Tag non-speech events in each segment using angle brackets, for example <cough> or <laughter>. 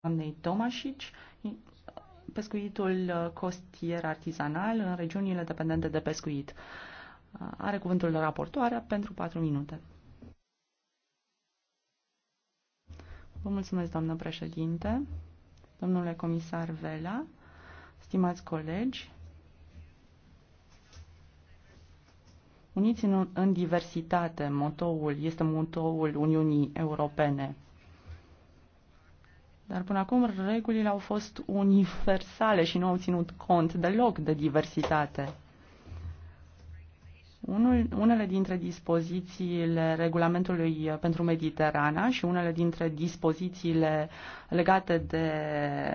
doamnei Tomașici, pescuitul uh, costier artizanal în regiunile dependente de pescuit. Uh, are cuvântul raportoarea pentru 4 minute. Vă mulțumesc, doamnă președinte, domnule comisar Vela, stimați colegi, Uniți în, în diversitate, motoul, este motoul Uniunii Europene. Dar până acum regulile au fost universale și nu au ținut cont deloc de diversitate. Unul, unele dintre dispozițiile regulamentului pentru Mediterana și unele dintre dispozițiile legate de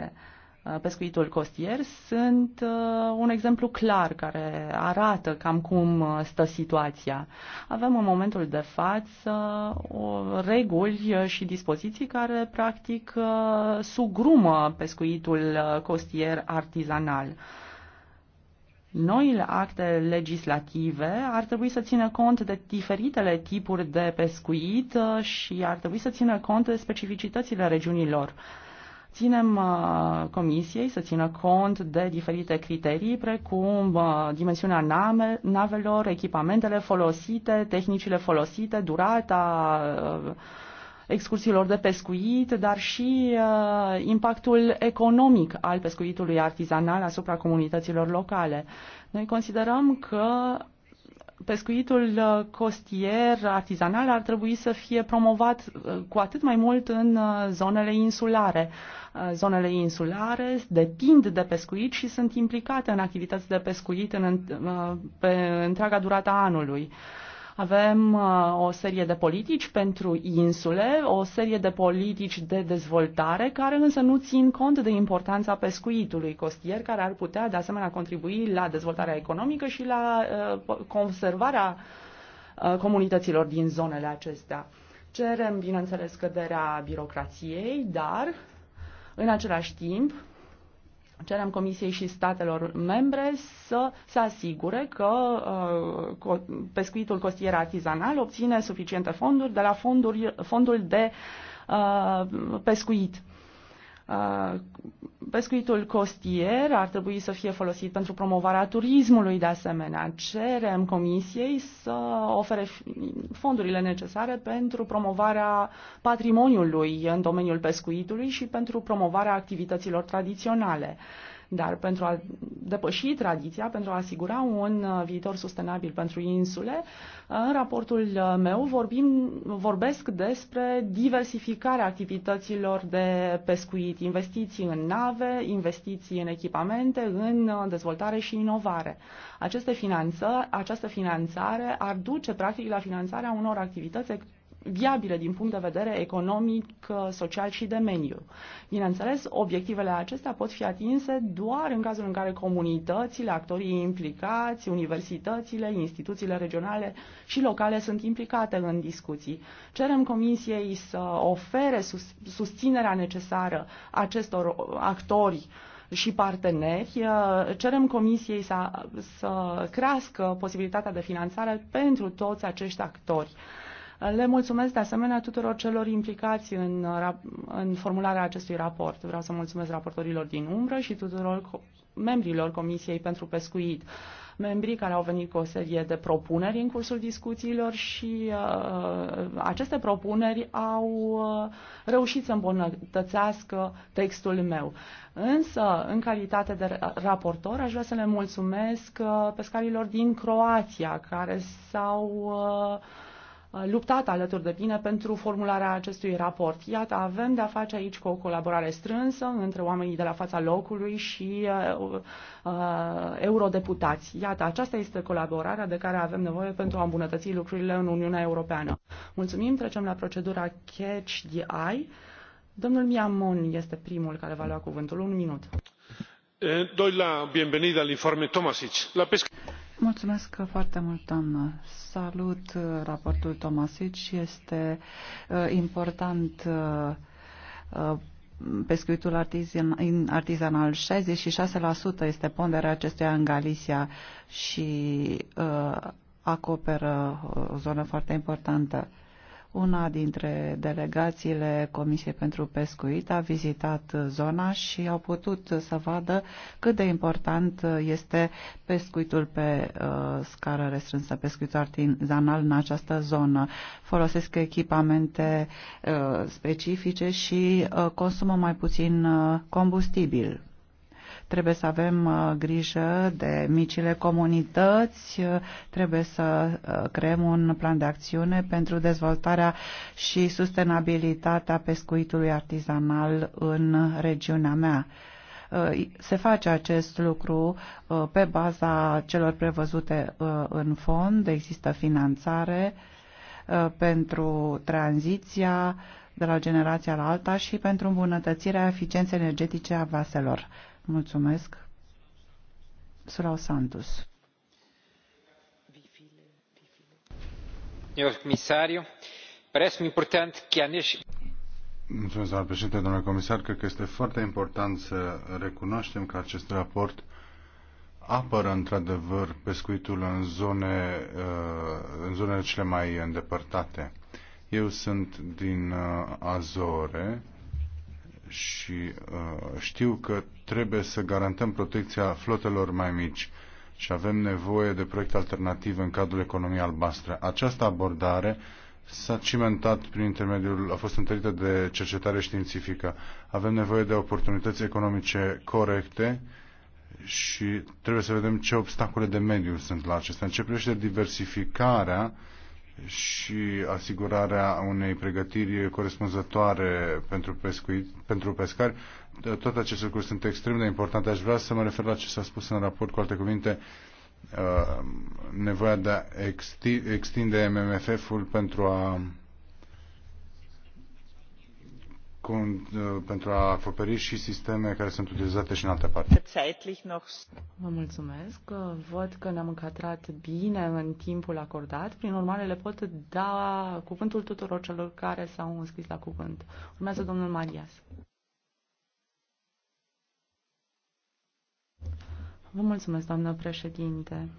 uh, Uh, pescuitul costier sunt uh, un exemplu clar care arată cam cum uh, stă situația. Avem în momentul de față reguli și dispoziții care practic sugrumă pescuitul costier artizanal. Noile acte legislative ar trebui să țină cont de diferitele tipuri de pescuit și ar trebui să țină cont de specificitățile regiunilor ținem uh, comisiei să țină cont de diferite criterii, precum uh, dimensiunea navelor, echipamentele folosite, tehnicile folosite, durata uh, excursiilor de pescuit, dar și uh, impactul economic al pescuitului artizanal asupra comunităților locale. Noi considerăm că pescuitul uh, costier artizanal ar trebui să fie promovat uh, cu atât mai mult în uh, zonele insulare. Zonele insulare depind de pescuit și sunt implicate în activități de pescuit în, pe întreaga durata anului. Avem uh, o serie de politici pentru insule, o serie de politici de dezvoltare, care însă nu țin cont de importanța pescuitului costier, care ar putea de asemenea contribui la dezvoltarea economică și la uh, conservarea uh, comunităților din zonele acestea. Cerem, bineînțeles, scăderea birocrației, dar, în același timp, cerem Comisiei și statelor membre să se asigure că uh, pescuitul costier artizanal obține suficiente fonduri de la fonduri, fondul de uh, pescuit. Uh, Pescuitul costier ar trebui să fie folosit pentru promovarea turismului de asemenea. Cerem Comisiei să ofere fondurile necesare pentru promovarea patrimoniului în domeniul pescuitului și pentru promovarea activităților tradiționale. Dar pentru a depăși tradiția, pentru a asigura un uh, viitor sustenabil pentru insule, uh, în raportul uh, meu vorbim, vorbesc despre diversificarea activităților de pescuit, investiții în nave, investiții în echipamente, în dezvoltare și inovare. Aceste finanță, această finanțare ar duce practic la finanțarea unor activități viabile din punct de vedere economic, social și de mediu. Bineînțeles, obiectivele acestea pot fi atinse doar în cazul în care comunitățile, actorii implicați, universitățile, instituțiile regionale și locale sunt implicate în discuții. Cerem Comisiei să ofere sus- susținerea necesară acestor actori și parteneri. Cerem Comisiei să, să crească posibilitatea de finanțare pentru toți acești actori. Le mulțumesc de asemenea tuturor celor implicați în, în formularea acestui raport. Vreau să mulțumesc raportorilor din umbră și tuturor membrilor Comisiei pentru Pescuit, membrii care au venit cu o serie de propuneri în cursul discuțiilor și uh, aceste propuneri au uh, reușit să îmbunătățească textul meu. Însă, în calitate de raportor, aș vrea să le mulțumesc uh, pescarilor din Croația care s-au uh, luptat alături de mine pentru formularea acestui raport. Iată, avem de-a face aici cu o colaborare strânsă între oamenii de la fața locului și uh, uh, eurodeputați. Iată, aceasta este colaborarea de care avem nevoie pentru a îmbunătăți lucrurile în Uniunea Europeană. Mulțumim, trecem la procedura Catch the Eye. Domnul Miamon este primul care va lua cuvântul. Un minut. Eh, doi la bienvenida al informe Tomasic. La pesca Mulțumesc foarte mult, doamnă. Salut uh, raportul Tomasic și este uh, important uh, uh pescuitul artizan, artizanal. 66% este ponderea acestuia în Galicia și uh, acoperă uh, o zonă foarte importantă. Uh, una dintre delegațiile Comisiei pentru Pescuit a vizitat zona și au putut să vadă cât de important este pescuitul pe uh, scară restrânsă, pescuitul artizanal în această zonă. Folosesc echipamente uh, specifice și uh, consumă mai puțin uh, combustibil Trebuie să avem uh, grijă de micile comunități, uh, trebuie să uh, creăm un plan de acțiune pentru dezvoltarea și sustenabilitatea pescuitului artizanal în regiunea mea se face acest lucru pe baza celor prevăzute în fond, există finanțare pentru tranziția de la generația la alta și pentru îmbunătățirea eficienței energetice a vaselor. Mulțumesc. Surau Santos. Domnule comisar, parece important că neste Mulțumesc, doamnă președinte, domnule comisar. Cred că este foarte important să recunoaștem că acest raport apără într-adevăr pescuitul în, zone, uh, în zonele cele mai îndepărtate. Eu sunt din uh, Azore și uh, știu că trebuie să garantăm protecția flotelor mai mici și avem nevoie de proiecte alternative în cadrul economiei albastre. Această abordare s-a cimentat prin intermediul, a fost întărită de cercetare științifică. Avem nevoie de oportunități economice corecte și trebuie să vedem ce obstacole de mediu sunt la acestea. În ce privește diversificarea, uh, și asigurarea unei pregătiri corespunzătoare pentru, pescuit, pentru pescari. Toate aceste lucruri sunt extrem de importante. Aș vrea să mă refer la ce s-a spus în raport, cu alte cuvinte, uh, nevoia de a extinde MMFF-ul pentru a Uh, pentru a acoperi și sisteme care sunt utilizate și în alte părți. Vă mulțumesc. Văd că ne-am încadrat bine în timpul acordat. Prin urmare, le pot da cuvântul tuturor celor care s-au înscris la cuvânt. Urmează domnul Marias. Vă mulțumesc, doamnă președinte.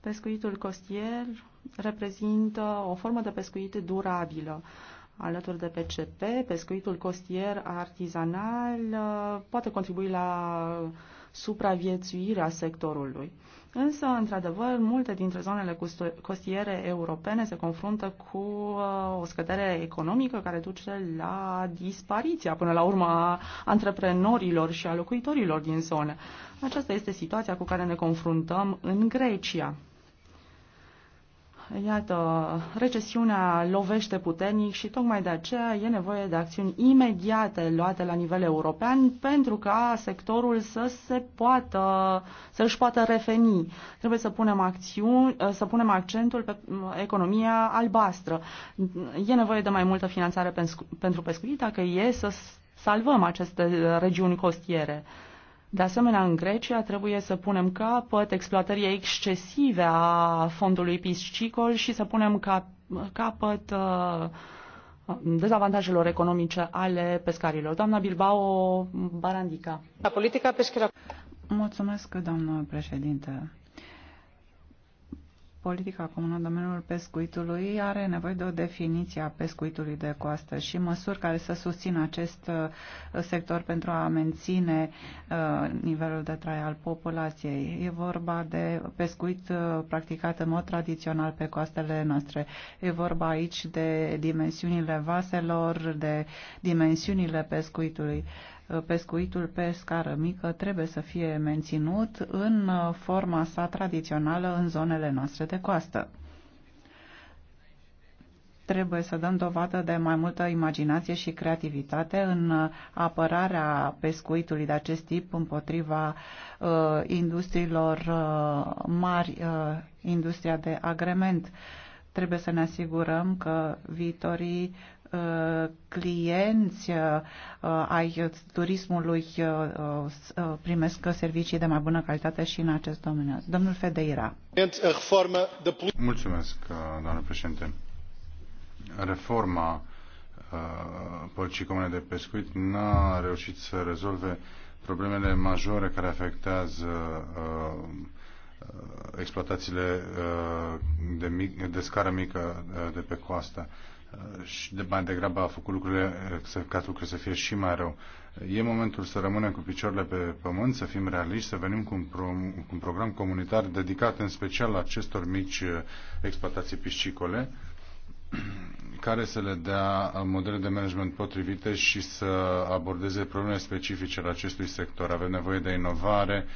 Pescuitul costier reprezintă o formă de pescuit durabilă. Alături de PCP, pescuitul costier artizanal uh, poate contribui la supraviețuirea sectorului. Însă, într-adevăr, multe dintre zonele costiere europene se confruntă cu uh, o scădere economică care duce la dispariția, până la urmă, a antreprenorilor și a locuitorilor din zone. Aceasta este situația cu care ne confruntăm în Grecia. Iată, recesiunea lovește puternic și tocmai de aceea e nevoie de acțiuni imediate luate la nivel european pentru ca sectorul să se poată, să își poată refeni. Trebuie să punem, acțiuni, să punem accentul pe economia albastră. E nevoie de mai multă finanțare pentru pescuit dacă e să salvăm aceste regiuni costiere. De asemenea, în Grecia trebuie să punem capăt exploatării excesive a fondului piscicol și să punem cap, capăt uh, dezavantajelor economice ale pescarilor. Doamna Bilbao Barandica. La politica pescară. Mulțumesc, doamnă președinte politica comună în domeniul pescuitului are nevoie de o definiție a pescuitului de coastă și măsuri care să susțină acest uh, sector pentru a menține uh, nivelul de trai al populației. E vorba de pescuit uh, practicat în mod tradițional pe coastele noastre. E vorba aici de dimensiunile vaselor, de dimensiunile pescuitului pescuitul pe scară mică trebuie să fie menținut în uh, forma sa tradițională în zonele noastre de coastă. Trebuie să dăm dovadă de mai multă imaginație și creativitate în uh, apărarea pescuitului de acest tip împotriva uh, industriilor uh, mari, uh, industria de agrement. trebuie să ne asigurăm că viitorii Uh, clienți uh, uh, ai turismului primesc servicii de mai bună calitate și în acest domeniu. Domnul Fedeira. Mulțumesc, doamnă președinte. Reforma politicii comune de pescuit n-a reușit să rezolve problemele majore care afectează exploatațiile de, mic, de scară mică de pe coastă și de mai degrabă a făcut lucrurile ca lucrurile să fie și mai rău. E momentul să rămânem cu picioarele pe pământ, să fim realiști, să venim cu un, pro, cu un program comunitar dedicat în special la acestor mici uh, exploatații piscicole, <clears throat> care să le dea modele de management potrivite și să abordeze probleme specifice la acestui sector. Avem nevoie de inovare,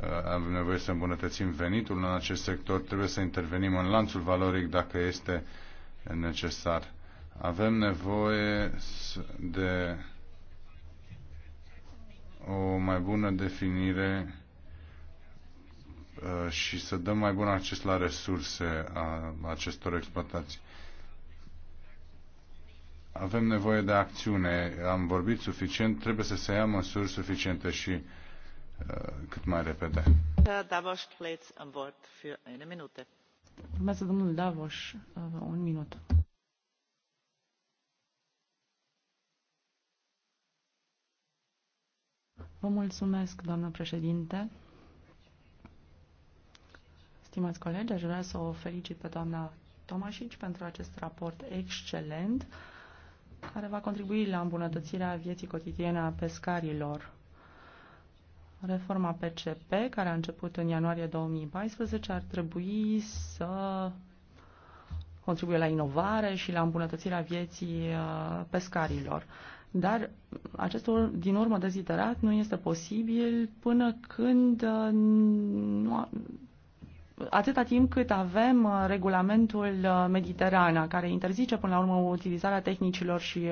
uh, avem nevoie să îmbunătățim venitul în acest sector, trebuie să intervenim în lanțul valoric dacă este uh, necesar. Avem nevoie de o mai bună definire uh, și să dăm mai bun acces la resurse a acestor exploatații. Avem nevoie de acțiune, am vorbit suficient, trebuie să se ia măsuri suficiente și uh, cât mai repede. Urmează domnul Davos, uh, un minut. Vă mulțumesc, doamnă președinte. Stimați colegi, aș vrea să o felicit pe doamna Tomașici pentru acest raport excelent care va contribui la îmbunătățirea vieții cotidiene a pescarilor. Reforma PCP, care a început în ianuarie 2014, ar trebui să contribuie la inovare și la îmbunătățirea vieții uh, pescarilor. Dar acest din urmă deziderat nu este posibil până când uh, nu atâta timp cât avem uh, regulamentul Mediterana, care interzice până la urmă utilizarea tehnicilor și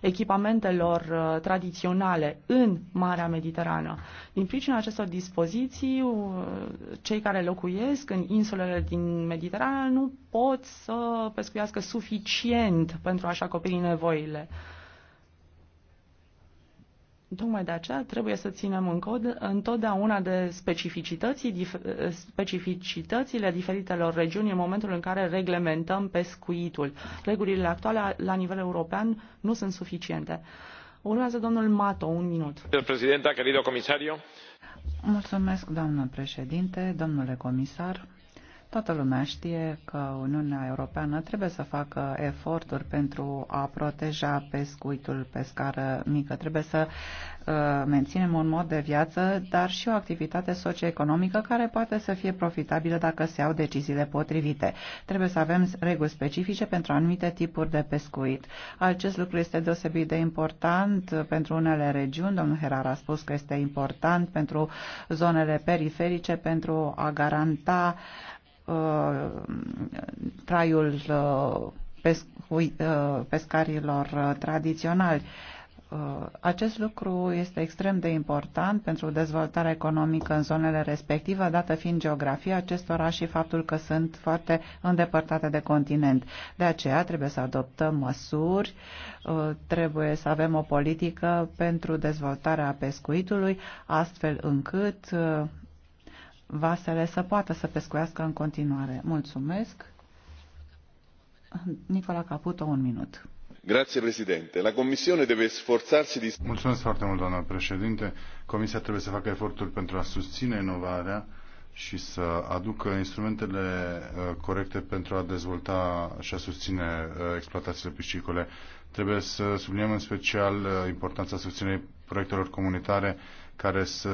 echipamentelor uh, tradiționale în Marea Mediterană. Din pricina acestor dispoziții, uh, cei care locuiesc în insulele din Mediterană nu pot să pescuiască suficient pentru a-și acoperi nevoile. Tocmai de aceea trebuie să ținem în cod întotdeauna de specificității, dif, specificitățile diferitelor regiuni în momentul în care reglementăm pescuitul. Regulile actuale la nivel european nu sunt suficiente. Urmează domnul Mato, un minut. Președinte, querido comisario. Mulțumesc, doamnă președinte, domnule comisar. Toată lumea știe că Uniunea Europeană trebuie să facă eforturi pentru a proteja pescuitul pe scară mică. Trebuie să uh, menținem un mod de viață, dar și o activitate socioeconomică care poate să fie profitabilă dacă se iau deciziile potrivite. Trebuie să avem reguli specifice pentru anumite tipuri de pescuit. Acest lucru este deosebit de important pentru unele regiuni. Domnul Herar a spus că este important pentru zonele periferice pentru a garanta Uh, traiul uh, uh, pescarilor tradiționali. acest lucru este extrem de important pentru dezvoltarea economică în zonele respective, dată fiind geografia acestora și faptul că sunt foarte îndepărtate de continent. De aceea trebuie să adoptăm măsuri, trebuie să avem o politică pentru dezvoltarea pescuitului, astfel încât vasele să poată să pescuiască în continuare. Mulțumesc. Nicola Caputo, un minut. Grazie, Presidente. La Commissione deve sforzarsi di... Mulțumesc foarte mult, doamna președinte. Comisia trebuie să facă eforturi pentru a susține inovarea și să aducă instrumentele uh, corecte pentru a dezvolta și a susține uh, exploatațiile piscicole. Trebuie să subliniem în special uh, importanța susținerii proiectelor comunitare care să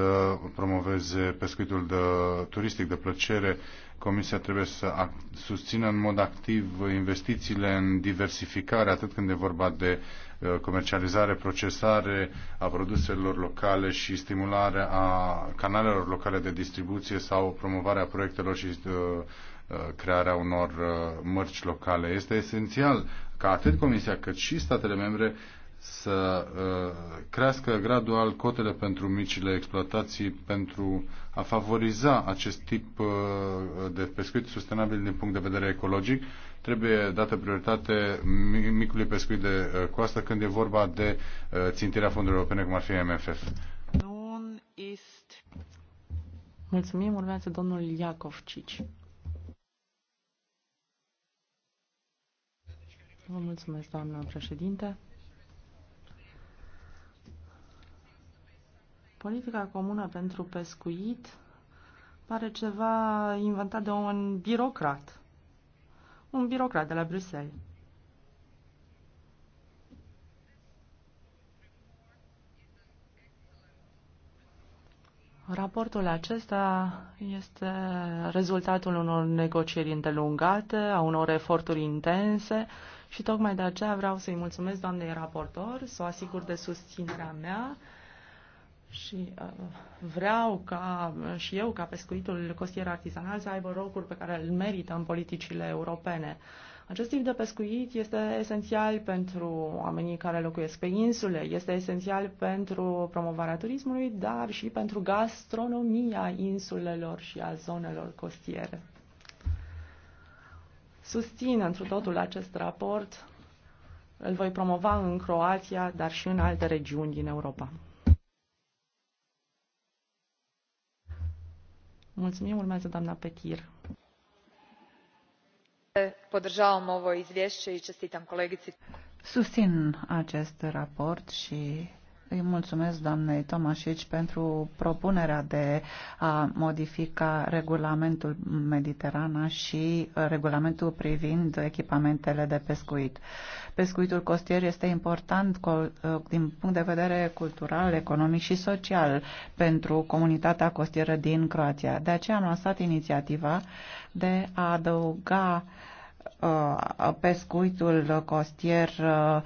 promoveze pescuitul de, turistic de plăcere. Comisia trebuie să susțină în mod activ investițiile în diversificare, atât când e vorba de uh, comercializare, procesare a produselor locale și stimularea a canalelor locale de distribuție sau promovarea proiectelor și uh, uh, crearea unor mărci locale. Este esențial ca atât Comisia cât și statele membre să uh, crească gradual cotele pentru micile exploatații pentru a favoriza acest tip uh, de pescuit sustenabil din punct de vedere ecologic. Trebuie dată prioritate micului pescuit de uh, coastă când e vorba de țintirea fondurilor europene, cum ar fi MFF. Mulțumim, urmează domnul Iacov Cici. Vă mulțumesc, doamnă președinte. Politica comună pentru pescuit pare ceva inventat de un birocrat. Un birocrat de la Bruxelles. Raportul acesta este rezultatul unor negocieri îndelungate, a unor eforturi intense și tocmai de aceea vreau să-i mulțumesc doamnei raportor, să o asigur de susținerea mea și uh, vreau ca uh, și eu, ca pescuitul costier artizanal, să aibă locuri pe care îl merită în politicile europene. Acest tip de pescuit este esențial pentru oamenii care locuiesc pe insule, este esențial pentru promovarea turismului, dar și pentru gastronomia insulelor și a zonelor costiere. Susțin întru totul acest raport, îl voi promova în Croația, dar și în alte regiuni din Europa. Mulțumim, urmează doamna Petir. Podržavam ovo izvješće i čestitam kolegici. Susțin acest raport și îi mulțumesc doamnei Tomașici pentru propunerea de a modifica regulamentul Mediterana și uh, regulamentul privind echipamentele de pescuit. Pescuitul costier este important uh, din punct de vedere cultural, economic și social pentru comunitatea costieră din Croația. De aceea am lansat inițiativa de a adăuga uh, Uh, pescuitul costier, uh,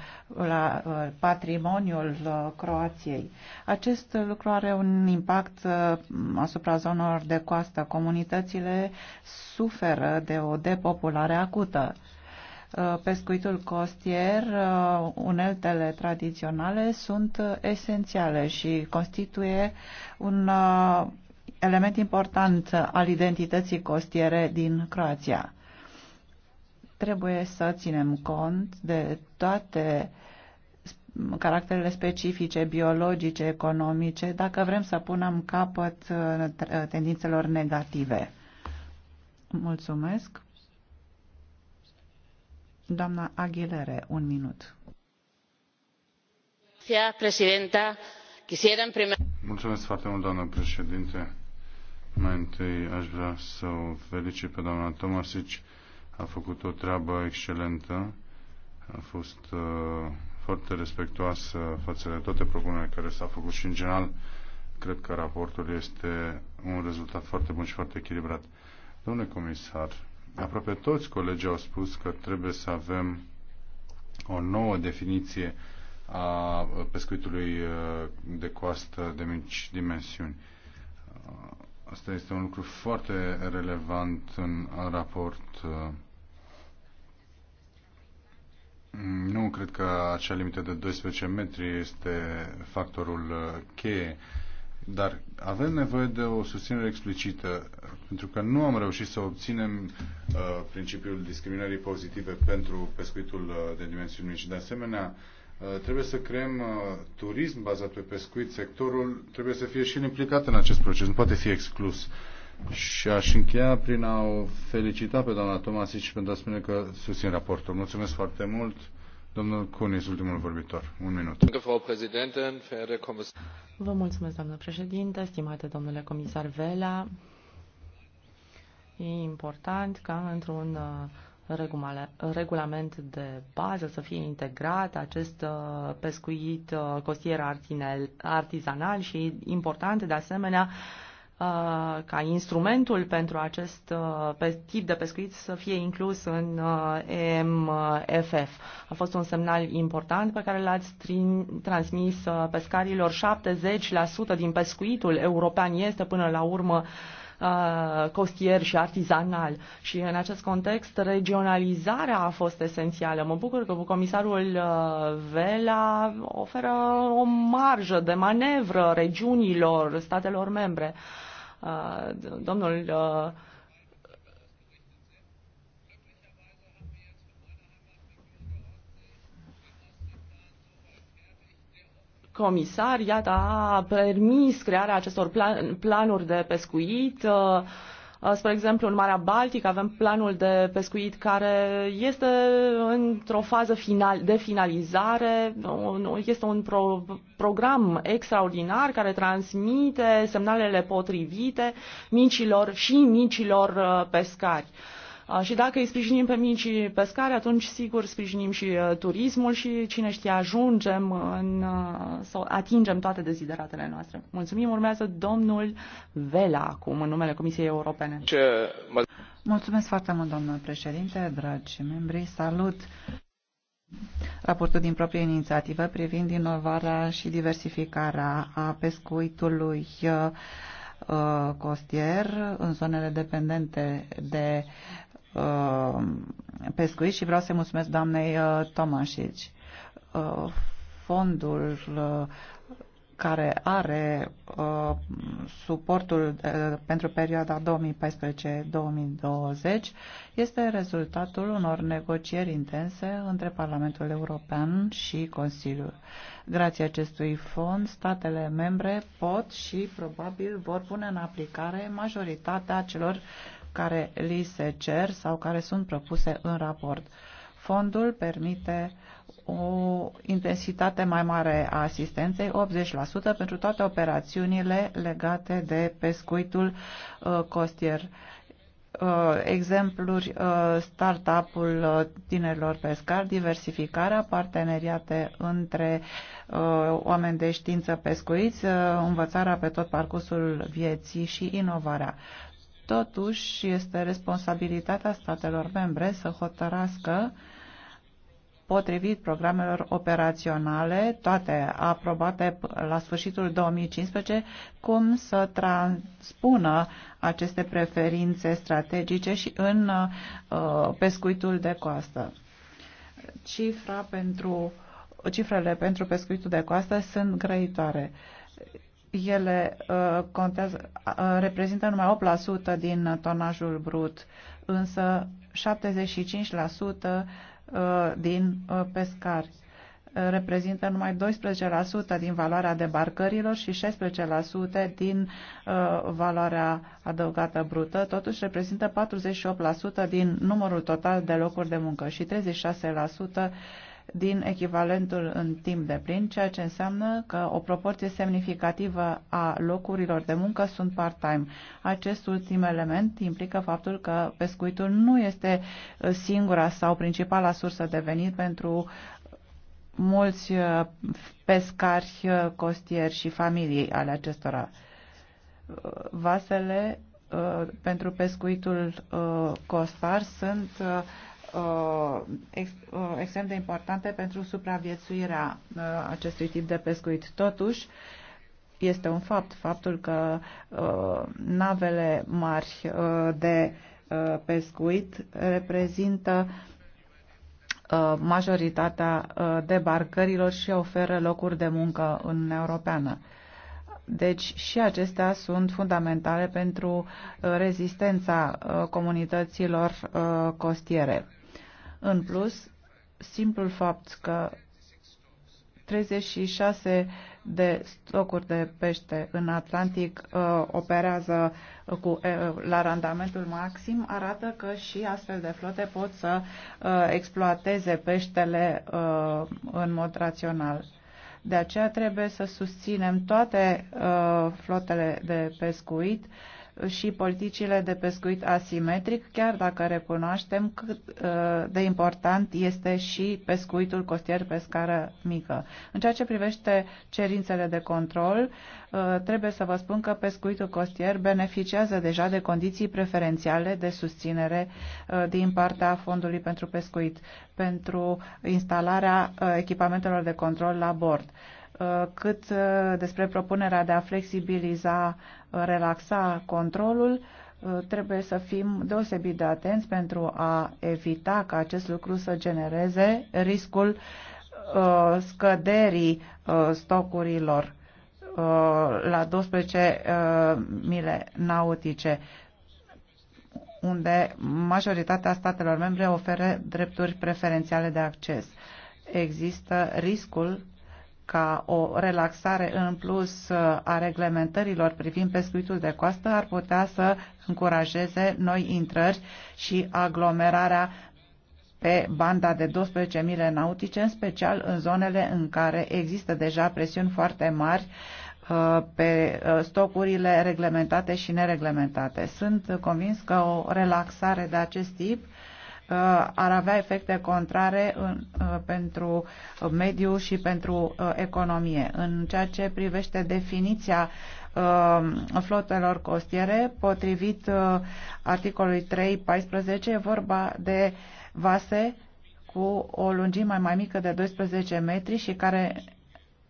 la uh, patrimoniul Croației. Acest lucru are un impact asupra zonelor de coastă. Comunitățile suferă de o depopulare acută. Pescuitul costier, uneltele tradiționale sunt esențiale și constituie un element important al identității costiere din Croația Trebuie să ținem cont de toate caracterele specifice, biologice, economice, dacă vrem să punem capăt uh, tendințelor negative. Mulțumesc. Doamna Aguilere, un minut. Mulțumesc foarte mult, doamnă președinte. Mai întâi aș vrea să o felicit pe doamna Tomasici a făcut o treabă excelentă, a fost uh, foarte respectuoasă față de toate propunerile care s-au făcut și, în general, cred că raportul este un rezultat foarte bun și foarte echilibrat. Domnule comisar, aproape toți colegii au spus că trebuie să avem o nouă definiție a pescuitului uh, de coastă de mici dimensiuni. Uh, asta este un lucru foarte relevant în raport uh, nu cred că acea limită de 12 metri este factorul uh, cheie, dar avem nevoie de o susținere explicită, pentru că nu am reușit să obținem uh, principiul discriminării pozitive pentru pescuitul uh, de dimensiuni mici. De asemenea, uh, trebuie să creăm uh, turism bazat pe pescuit. Sectorul trebuie să fie și implicat în acest proces, nu poate fi exclus. Uh, și aș încheia prin a o felicita pe doamna Tomasic și pentru a spune că susțin raportul. Mulțumesc foarte mult. Domnul Cunis, ultimul vorbitor. Un minut. Vă mulțumesc, doamnă președinte, stimate domnule comisar Vela. E important ca într-un uh, regulament de bază să fie integrat acest uh, pescuit uh, costier artizanal și important de asemenea Uh, ca instrumentul pentru acest uh, tip de pescuit să fie inclus în EMFF. Uh, a fost un semnal important pe care l-ați transmis pescarilor. 70% din pescuitul european este până la urmă costier și artizanal. Și în acest context, regionalizarea a fost esențială. Mă bucur că comisarul Vela oferă o marjă de manevră regiunilor, statelor membre. Uh, Uh, domnul uh, comisar, iată, a permis crearea acestor plan, planuri de pescuit, uh, Uh, spre exemplu, în Marea Baltică avem planul de pescuit care este într-o fază final, de finalizare. Este un pro, program extraordinar care transmite semnalele potrivite micilor și micilor uh, pescari. Uh, Uh, și dacă îi sprijinim pe micii pescari, atunci sigur sprijinim și uh, turismul și cine știe ajungem în, uh, sau atingem toate dezideratele noastre. Mulțumim, urmează domnul Vela acum în numele Comisiei Europene. Ce... Mulțumesc foarte mult, domnul președinte, dragi membri, salut! Raportul din proprie inițiativă privind inovarea și diversificarea a pescuitului costier în zonele dependente de Uh, pescuit și vreau să i mulțumesc doamnei uh, Tomașici. Uh, fondul care are uh, suportul uh, pentru perioada 2014-2020 este rezultatul unor negocieri intense între Parlamentul European și Consiliul. Grație acestui fond, statele membre pot și probabil vor pune în aplicare majoritatea celor care li se cer sau care sunt propuse în raport. Fondul permite o intensitate mai mare a asistenței, 80% pentru toate operațiunile legate de pescuitul uh, costier. Uh, exempluri, uh, startup-ul uh, tinerilor pescari, diversificarea, parteneriate între oameni de știință pescuiți, învățarea pe tot parcursul vieții și inovarea. Totuși, este responsabilitatea statelor membre să hotărască potrivit programelor operaționale, toate aprobate la sfârșitul 2015, cum să transpună aceste preferințe strategice și în uh, pescuitul de coastă. Cifra pentru, cifrele pentru pescuitul de coastă sunt grăitoare ele uh, contează, uh, reprezintă numai 8% din tonajul brut, însă 75% uh, din uh, pescari uh, reprezintă numai 12% din valoarea debarcărilor și 16% din uh, valoarea adăugată brută, totuși reprezintă 48% din numărul total de locuri de muncă și 36% din echivalentul în timp de plin, ceea ce înseamnă că o proporție semnificativă a locurilor de muncă sunt part-time. Acest ultim element implică faptul că pescuitul nu este uh, singura sau principala sursă de venit pentru mulți uh, pescari, uh, costieri și familii ale acestora. Vasele pentru pescuitul costar sunt Uh, uh, extrem de importante pentru supraviețuirea uh, acestui tip de pescuit. Totuși, este un fapt faptul că navele mari de pescuit reprezintă majoritatea debarcărilor și oferă locuri de muncă în Uniunea Europeană. Deci și acestea sunt fundamentale pentru rezistența comunităților costiere. În plus, simplul fapt că 36 de stocuri de pește în Atlantic uh, operează cu, uh, la randamentul maxim arată că și astfel de flote pot să uh, exploateze peștele uh, în mod rațional. De aceea trebuie să susținem toate uh, flotele de pescuit și politicile de pescuit asimetric, chiar dacă recunoaștem cât uh, de important este și pescuitul costier pe scară mică. În ceea ce privește cerințele de control, uh, trebuie să vă spun că pescuitul costier beneficiază deja de condiții preferențiale de susținere uh, din partea Fondului pentru Pescuit pentru instalarea echipamentelor de control la bord. Uh, cât uh, despre propunerea de a flexibiliza, uh, relaxa controlul, trebuie să fim deosebit de atenți pentru a evita ca acest lucru să genereze riscul scăderii stocurilor la 12 mile nautice unde majoritatea statelor membre ofere drepturi preferențiale de acces. Există riscul ca o relaxare în plus uh, a reglementărilor privind pescuitul de coastă ar putea să încurajeze noi intrări și aglomerarea pe banda de 12 mile nautice, în special în zonele în care există deja presiuni foarte mari uh, pe uh, stocurile reglementate și nereglementate. Sunt convins că o relaxare de acest tip Uh, ar avea efecte contrare în, uh, pentru mediu și pentru uh, economie. În ceea ce privește definiția flotelor costiere, potrivit articolului 3.14, e vorba de vase cu o lungime mai mică de 12 metri și care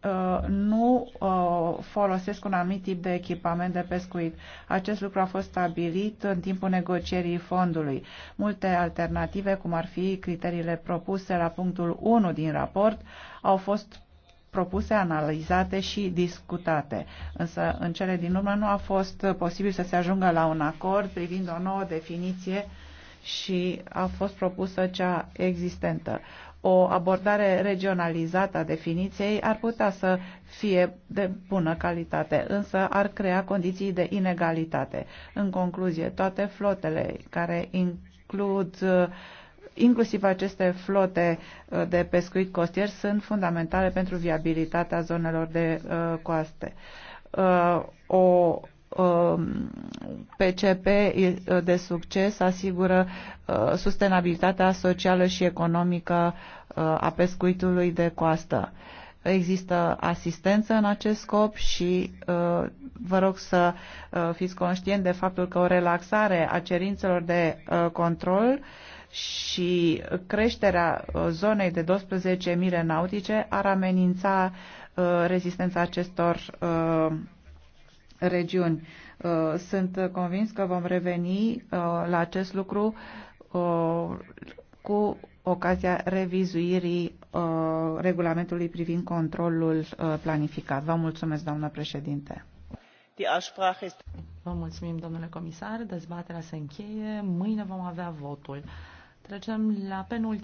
Uh, nu uh, folosesc un anumit tip de echipament de pescuit. Acest lucru a fost stabilit în timpul negocierii fondului. Multe alternative, cum ar fi criteriile propuse la punctul 1 din raport, au fost propuse, analizate și discutate. Însă, în cele din urmă, nu a fost posibil să se ajungă la un acord privind o nouă definiție și a fost propusă cea existentă o abordare regionalizată a definiției ar putea să fie de bună calitate, însă ar crea condiții de inegalitate. În concluzie, toate flotele care includ inclusiv aceste flote uh, de pescuit costier sunt fundamentale pentru viabilitatea zonelor de uh, coaste. Uh, o PCP um, de succes asigură uh, sustenabilitatea socială și economică uh, a pescuitului de coastă. Există asistență în acest scop și uh, vă rog să fiți conștient de faptul că o relaxare a cerințelor de control și creșterea zonei de 12 mile nautice ar amenința rezistența acestor regiuni. Uh, sunt convins că vom reveni uh, la acest lucru uh, cu ocazia revizuirii regulamentului privind controlul planificat. Vă mulțumesc, doamnă președinte. Vă mulțumim, domnule comisar. Dezbaterea se încheie. Mâine vom avea votul. Trecem la penul.